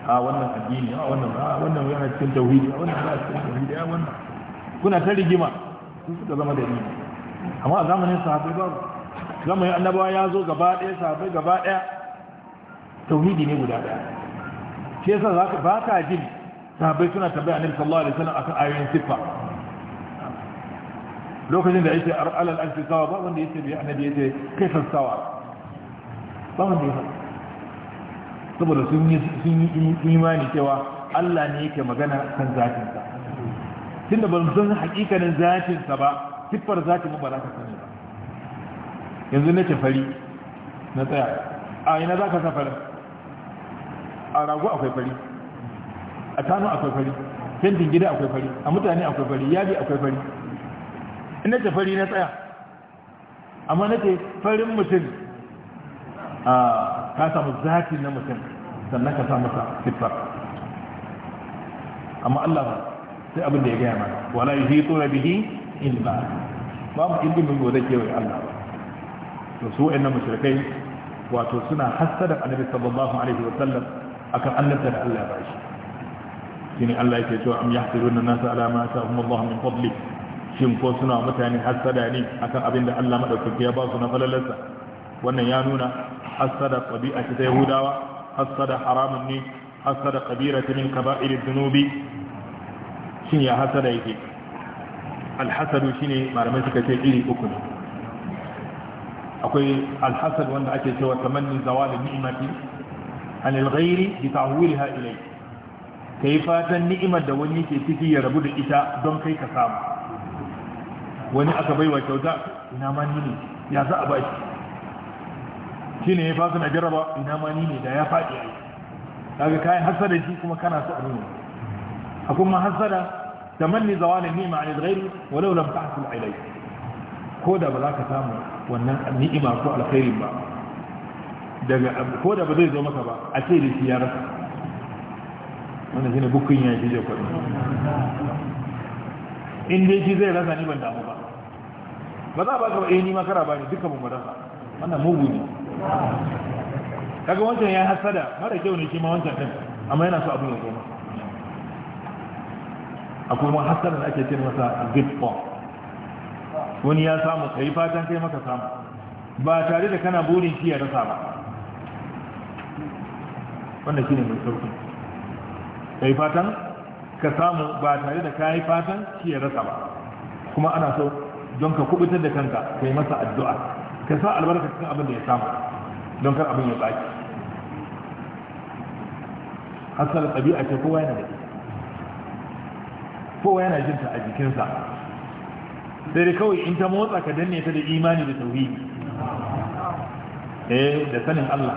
a wannan addini a wannan a wannan yana cikin tauhidi a wannan ba cikin tauhidi a wannan kuna ta rigima su suka zama da rigima amma a zamanin sahabbai babu zamanin annabawa ya zo gaba ɗaya sahabbai gaba ɗaya tauhidi ne guda ɗaya shi yasa ba ka jin sahabbai suna tambaya annabi sallallahu alaihi wasallam akan ayoyin siffa lokacin da yake alal arshi sawa ba wanda yake bai annabi yake kaifan sawa ba wanda yake saboda sun yi sun yi imani cewa Allah ne yake magana kan zatin sa tunda ban san hakikanin zatin sa ba siffar zatin ba za ka sani ba yanzu nake fari na tsaya a ina za ka sa farin a rago akwai fari a tano akwai fari fentin gida akwai fari a mutane akwai fari yadi akwai fari ina ce fari na tsaya amma na ce farin mutum a ah, ka samu zafi na mutum sannan ka samu sa siffar amma Allah ba sai abin da ya gaya mana wala yi hito na bihi in ba ba mu ilma mun ilimin gobe kewaye Allah ba to su wa'annan mushrikai wato suna hassada annabi sallallahu alaihi wa sallam akan annabta da Allah ya bashi shine Allah ya ce cewa am yahsiruna an-nasa ala ma atahum Allah min fadli shin ko suna mutane hassada ne akan abin da Allah madaukaki ya ba su na falalarsa wannan ya nuna hasada qabi'a ta yahudawa hassada haramun ne hassada kabira ta min kaba'ir dhunubi shin ya hasada yake alhasadu shine malamai suka ce iri uku ne akwai alhasad wanda ake cewa tamanni zawali ni'mati an alghairi bi ta'wilha ilayhi kai fatan ni'imar da wani ke ciki ya rabu da ita don kai ka samu wani aka baiwa kyauta ina ma ni ne ya za a ba shi shi ne ya fasa na jarraba ina ma ni ne da ya faɗi a yi daga kayan hasada shi kuma kana su abin a kuma hasada da manni zawalin nima a nilgairi walau lam ta hasul ailai ko da ba za ka samu wannan ni'ima ko alkhairin ba daga ko da ba zai zo maka ba a ce da shi ya rasa wannan shi ne bukun ya shi je in dai shi zai rasa ni ban damu ba ba za a baka ba eh ni makara kara bani duka mun barasa wannan mugu ne kaga wancan ya hasada mara kyau ne shi ma wancan ɗin, amma yana so abin ya koma A koma hasada da ake cin masa form wani ya samu kai fatan kai maka samu ba tare da kana burin shi ya rasa ba wannan ne mai sauki kai fatan ka samu ba tare da yi fatan shi ya rasa ba kuma ana so don ka kubutar da kanka ka yi masa addu'a ka sa albarka cikin abin da ya samu don kar abin ya tsaki hasal ɗabi'a ce kowa yana da kowa yana jinta a jikinsa sai dai kawai in ta motsa ka danne ta da imani da tauhidi eh da sanin Allah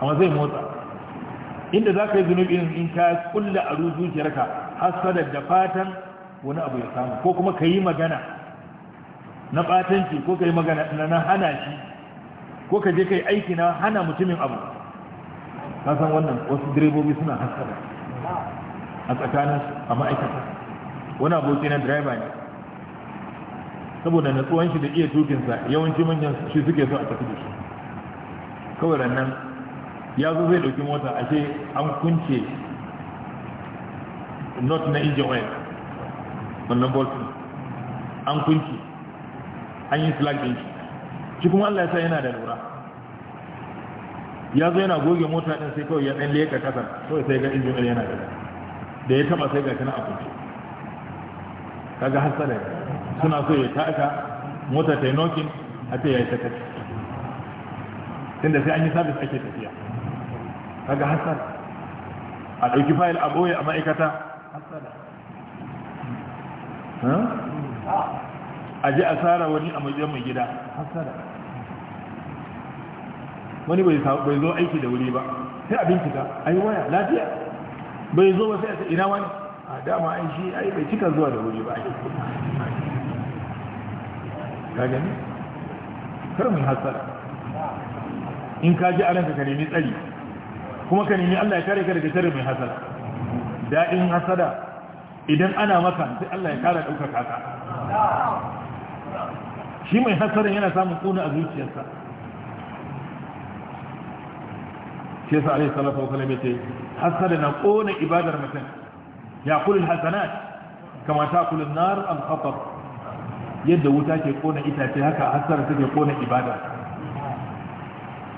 amma zai motsa inda za ka yi zunubi in ka kulla a raka hasadar da fatan wani abu ya samu ko kuma ka yi magana na batanci ko kai magana na hana shi ko ka je kai aiki na hana mutumin abu ka san wannan wasu direbobi suna haskara a tsakanin a ma'aikata wani aboki na driver ne saboda natsuwan shi da iya tukinsa yawanci manyan shi suke so a tafi da shi kawai rannan ya zo zai ɗauki mota ashe an kunce not na injin oil wannan bolton an kunce an yi flag din shi shi kuma Allah ya sa yana da lura ya zo yana goge mota din sai kawai ya dan leka kasar kawai sai ga injin ɗin yana da da ya taba sai ga kana a kaga hasala suna so ya taka mota ta yi nokin a ce ya yi sakaci tunda sai an yi sabis ake tafiya kaga hasala a ɗauki fayil a ɓoye a ma'aikata hasala a ji asara wani a matsayin mai gida hasara wani bai zo aiki da wuri ba sai a bincika ai waya lafiya bai zo ba sai a ina wani a dama ai shi ai bai cika zuwa da wuri ba ka gani kar mu hasara in ka ji a ka nemi tsari kuma ka nemi Allah ya kare ka daga sharri mai hasara daɗin hasara? idan ana maka sai Allah ya kara ɗaukaka ka shi mai hasarin yana samun kuna a zuciyarsa shi yasa alaihi salatu wa sallam yace hasada na kona ibadar mutum ya kulul hasanat kama ta kulun nar al khatar yadda wuta ke kona itace haka hasara take kona ibada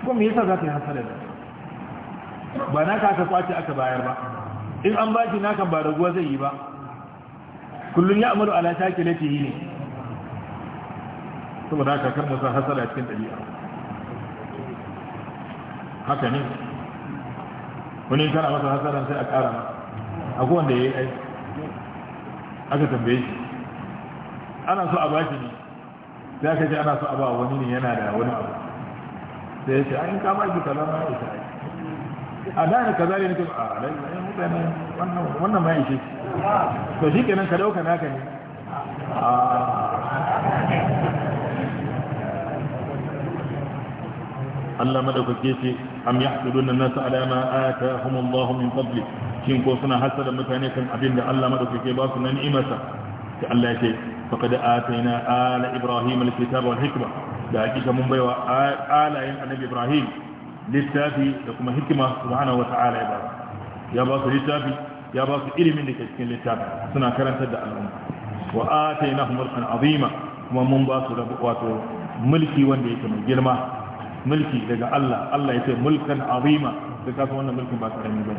kuma me yasa za ka yi hasara ba na ka aka kwace aka bayar ba in an baki na kan ba raguwa zai yi ba kullun ya amaru ala shakilatihi ne saboda haka kan musa hasala a cikin ɗabi'a haka ne wani kana masa hasala sai a ƙara a wanda ya yi aiki aka tambaye shi ana so a baki ne sai aka ce ana so a ba wani ne yana da wani abu sai ya ce an ka baki kaza ma ya isa a da ni kaza ne nake a rai mutane wannan ma ya shi to shi kenan ka dauka naka ne a Allah madaukake ce am yahsuduna nasu ala ma atahum Allah min fadli shin ko suna hasada mutane kan abin da Allah madaukake ba su na ni'imarsa sai Allah ya ce faqad atayna ala ibrahim alkitaba wal hikma da hakika mun baiwa alayin annabi ibrahim littafi da kuma hikima subhanahu wa ta'ala ya ba ya ba su littafi ya ba su ilimin da ke cikin littafi suna karantar da al'umma wa atainahum mulkan azima kuma mun ba su wato mulki wanda yake mai girma mulki daga Allah Allah ya ce mulkan azima da san wannan mulkin ba karami ba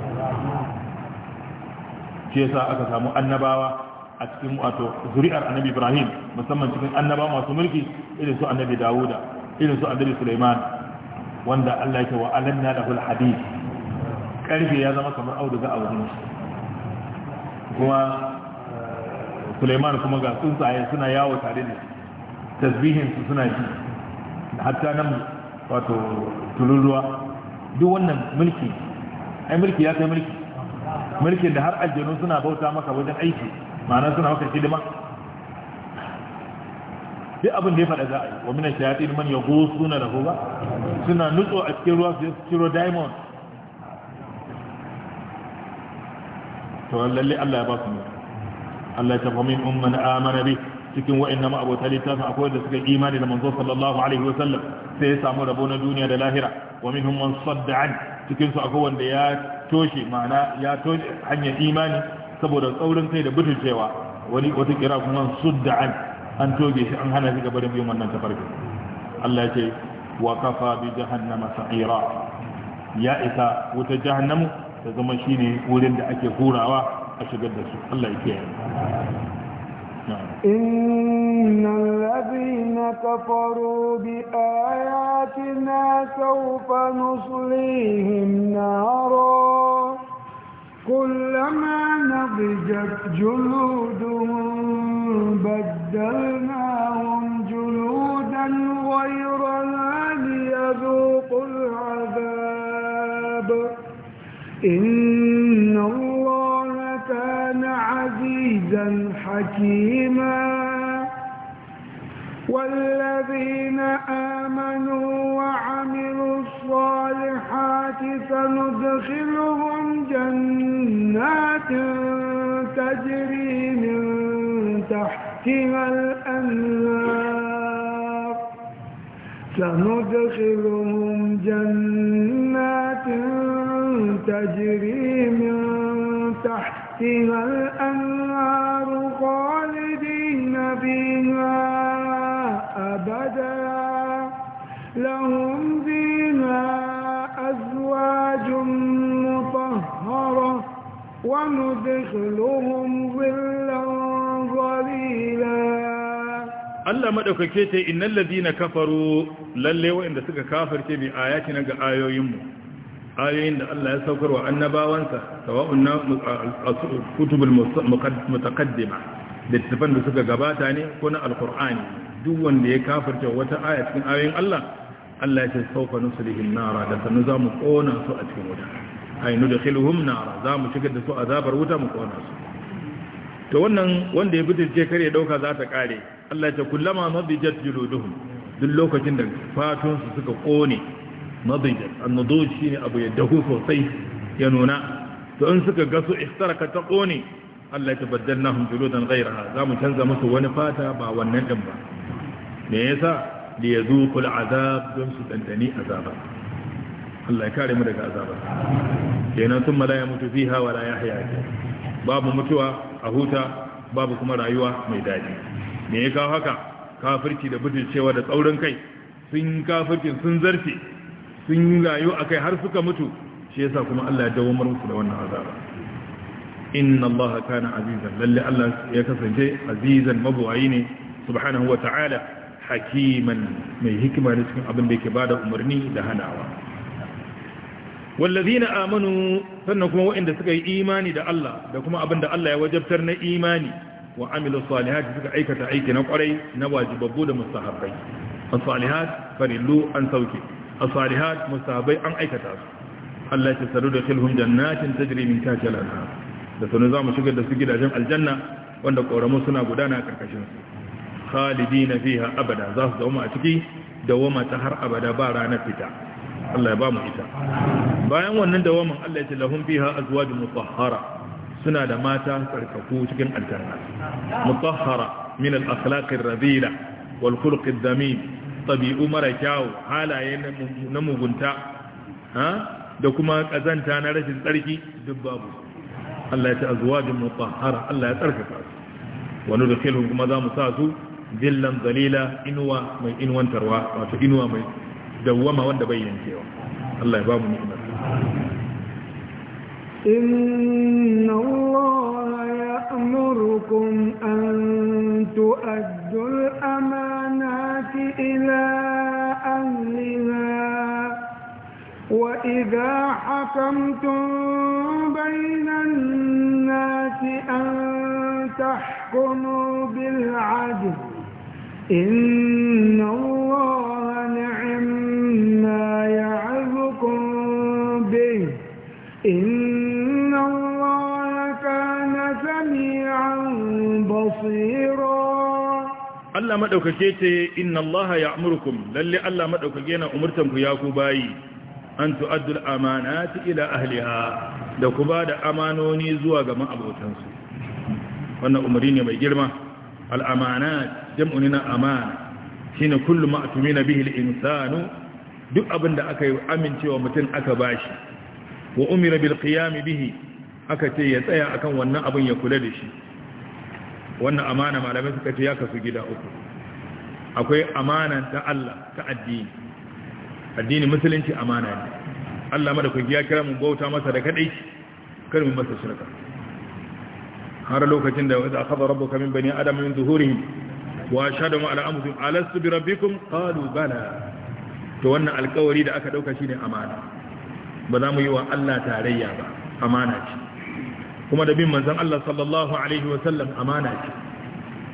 shi yasa aka samu annabawa a cikin wato zuri'ar annabi Ibrahim musamman cikin annaba masu mulki irin su annabi Dawuda irin su annabi Sulaiman wanda Allah ya ce wa alanna lahu alhadid karfe ya zama kamar auduga a wurin kuma eh, Sulaiman kuma ga tsuntsaye suna yawo tare da tasbihin su suna ji hatta nan wato tururuwa duk wannan mulki ai mulki ya kai mulki mulkin da har aljanu suna bauta maka wajen aiki ma'ana suna maka hidima duk abin da ya faɗa za a yi wa minan shayatin man ya go suna da ba suna nutso a cikin ruwa su ciro diamond to lalle Allah ya ba su ne Allah ya tafi min umman amana bi cikin wa'annan ma'abota littafin akwai da suka imani da manzo sallallahu alaihi wasallam sai ya samu rabo na duniya da lahira wa minhum man sadda an cikin su akwai wanda ya toshe ma'ana ya toshe hanyar imani saboda tsaurin kai da butulcewa wani wata kira kuma sudda an an toge shi an hana shi ga barin biyun wannan tafarkin Allah ya ce wa kafa bi jahannama sa'ira ya isa wuta jahannamu ta zama shine wurin da ake hurawa a shigar da su Allah ya kiyaye نعم. إن الذين كفروا بآياتنا سوف نصليهم نارا كلما نضجت جلودهم بدلناهم جلودا غيرها ليذوقوا العذاب إن عزيزا حكيما والذين آمنوا وعملوا الصالحات سندخلهم جنات تجري من تحتها الأنهار سندخلهم جنات تجري من تحتها تحتها الأنهار خالدين فيها أبدا لهم فيها أزواج مطهرة وندخلهم ظلا ظليلا Allah madaukake ce innal ladina kafaru lalle wa'anda suka kafirce bi ayatina ga ayoyinmu ayoyin da Allah ya saukar wa annabawansa sawa'un na kutubul mutaqaddima da tafan da suka gabata ne ko na alqur'ani duk wanda ya kafirta wata aya cikin ayoyin Allah Allah ya ce sawfa nuslihin nara da sanu za mu kona su a cikin wuta ay nudkhiluhum nara za mu shigar da su azabar wuta mu kona su to wannan wanda ya bitirce kare dauka za ta kare Allah ya ce kullama mabijat juluduhum duk lokacin da fatunsu suka kone nadijan shi shine abu ya dahu sosai ya nuna to in suka gasu ihtaraka ta tsone. Allah ya tabaddalnahum juludan ghayraha za mu canza musu wani fata ba wannan ɗin ba me yasa li yazuqu al'azab don su dandani azaba Allah ya kare mu daga azaba kenan sun mala ya mutu fiha wala yahya babu mutuwa a huta babu kuma rayuwa mai daɗi me ya kawo haka kafirci da butulcewa da tsaurin kai sun kafirki sun zarce sun rayu kai har suka mutu shi yasa kuma Allah ya dawamar musu da wannan azaba inna Allah kana azizan lalle Allah ya kasance azizan mabuwayi ne subhanahu wa ta'ala hakiman mai hikima ne cikin abin da yake bada umarni da hanawa wallazina amanu sannan kuma waɗanda suka yi imani da Allah da kuma abin da Allah ya wajabtar na imani wa amilu salihati suka aikata aiki na kwarai na wajibabbu da mustahabbai as-salihat farillu an sauke as-salihat musabai an aikata su Allah ya tsaro da tilhum jannatin tajri min tahtiha al da sanu mu shiga da su gidajen aljanna wanda koramu suna gudana ƙarƙashinsu. khalidi khalidina fiha abada za su zauma a ciki dawama ta har abada ba ranar fita Allah ya ba mu ita bayan wannan dawaman Allah ya ce lahum fiha azwajun mutahhara suna da mata tsarkaku cikin aljanna mutahhara min al-akhlaqir radila wal khuluqid damin ɗabi'u mara kyawu halaye na mugunta da kuma ƙazanta na rashin tsarki duk babu Allah ya ci azuwajin mutahara Allah ya tsarkaka su wani da filin kuma za mu sa su zillan zalila inuwa mai inuwantarwa wato inuwa mai dawwama wanda bai yankewa Allah ya ba mu ni'imar يأمركم أن تؤدوا الأمانات إلى أهلها وإذا حكمتم بين الناس أن تحكموا بالعدل إن الله بصيرا Allah maɗaukake ce inna Allah ya amurkum lalle Allah maɗaukake yana umurtanku ya ku bayi an tu'addul amanati ila ahliha da ku ba da amanoni zuwa ga ma'abotansu wannan umari ne mai girma al'amanat jam'u ne na amana shine kullu ma atumina bihi al-insanu duk abin da aka yi amincewa mutum aka bashi wa umira bil qiyam bihi aka ce ya tsaya akan wannan abin ya kula da shi wannan amana malamai suka ce ya kasu gida uku akwai amana ta Allah ta addini addini musulunci amana ne Allah madaukaki ya kira mun bauta masa da kaɗai, kar mu masa shirka har lokacin da wanda akhadha rabbuka min bani adam min zuhurihim wa ashhadu ala anfusihim alastu bi rabbikum qalu bala to wannan alƙawari da aka shi ne amana ba za mu yi wa Allah tarayya ba amana ce kuma da bin manzon Allah sallallahu alaihi wa amana ce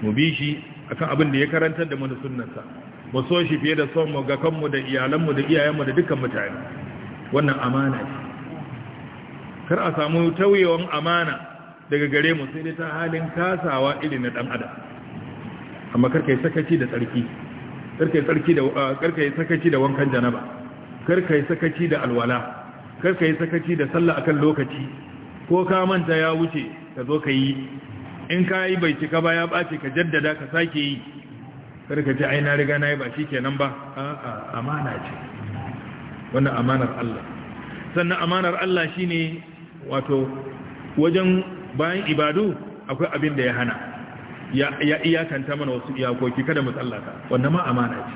mu bi shi a kan abin da ya karantar da mana sunansa, mu so shi fiye da son mu ga kanmu da iyalanmu da iyayenmu da dukkan mutane wannan amana ce kar a samu tauyewan amana daga gare mu sai dai ta halin kasawa irin na ɗan adam amma yi sakaci da tsarki karkai tsarki da ah, sakaci da wankan janaba yi sakaci da alwala yi sakaci da sallah akan lokaci ko ka manta ya wuce ka zo ka yi in ka yi bai cika ba ya ɓace ka jaddada ka sake yi karka ce ai aina riga na yi ba shi kenan ba a'a amana ce wannan amanar Allah sannan amanar Allah shine wato wajen bayan ibadu akwai abin da ya hana ya iyakanta mana wasu iyakoki kada mu tsallaka wannan ma amana ce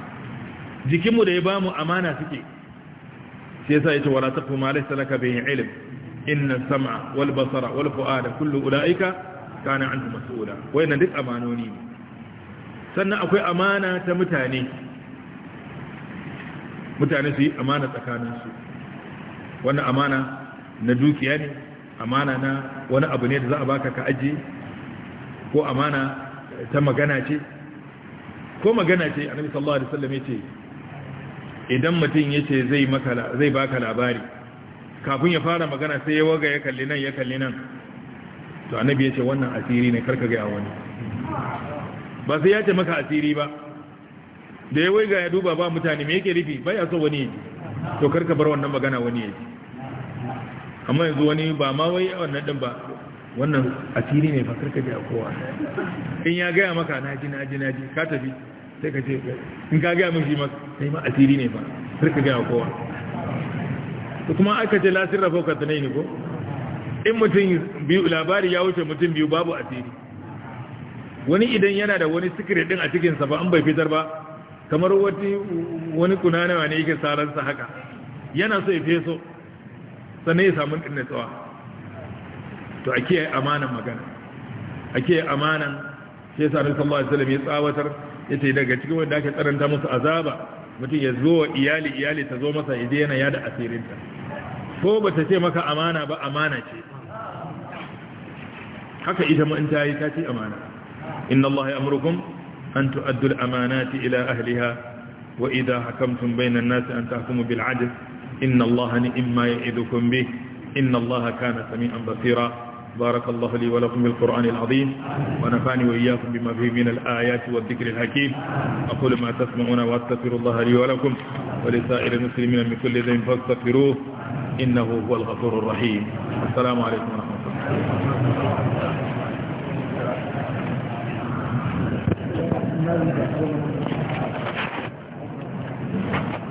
jikinmu da ya bamu amana suke sai yasa ce wala taqfu ma laysa laka bihi ilm inna sam'a wal basara wal fu'ada kullu ulaika kana anhu mas'ula wayannan duk amanoni ne sannan akwai amana ta mutane mutane su yi amana tsakaninsu wannan amana na dukiya ne amana na wani abu ne da za a baka ka ajiye ko amana ta magana ce ko magana ce annabi sallallahu alaihi wasallam yace idan mutum yace zai maka zai baka labari kafin ya fara magana sai ya waga ya kalli nan ya kalli nan to annabi ya ce wannan asiri ne karka ga wani ba sai ya ce maka asiri ba da ya waiga ya duba ba mutane me yake rufi ba ya so wani ya to karka bar wannan magana wani ya amma yanzu wani ba ma wai wannan din ba wannan asiri ne ba karka ga kowa in ya gaya maka na ji na ji na ji ka tafi sai ka ce in ka gaya min shi ma sai ma asiri ne ba karka ga kowa kuma aka ce lasir rafa ka tunai ne ko in mutum biyu labari ya wuce mutum biyu babu asiri wani idan yana da wani sikiri din a cikinsa ba an bai fitar ba kamar wani kunanawa ne yake sararsa haka yana so ya feso sannan ya samu ɗin tsawa to a kiyaye amanan magana a kiyaye amanan sai ya sami sallallahu alaihi wasallam ya tsawatar ya ce daga cikin wanda ake tsaranta musu azaba mutum ya zo wa iyali iyali ta zo masa ya je yana yada asirinta ko ba ta ce maka amana ba amana ce haka ita ma in ta yi ta ce amana inna Allah ya amurkum an tu'addu al-amanati ila ahliha wa idha hakamtum bayna an-nasi an tahkumu bil 'adl inna Allah ni'ma ya'idukum bih inna Allah kana sami'an basira بارك الله لي ولكم بالقرآن العظيم ونفعني وإياكم بما فيه من الآيات والذكر الحكيم أقول ما تسمعون وأستغفر الله لي ولكم ولسائر المسلمين من كل ذنب فاستغفروه إنه هو الغفور الرحيم السلام عليكم ورحمة الله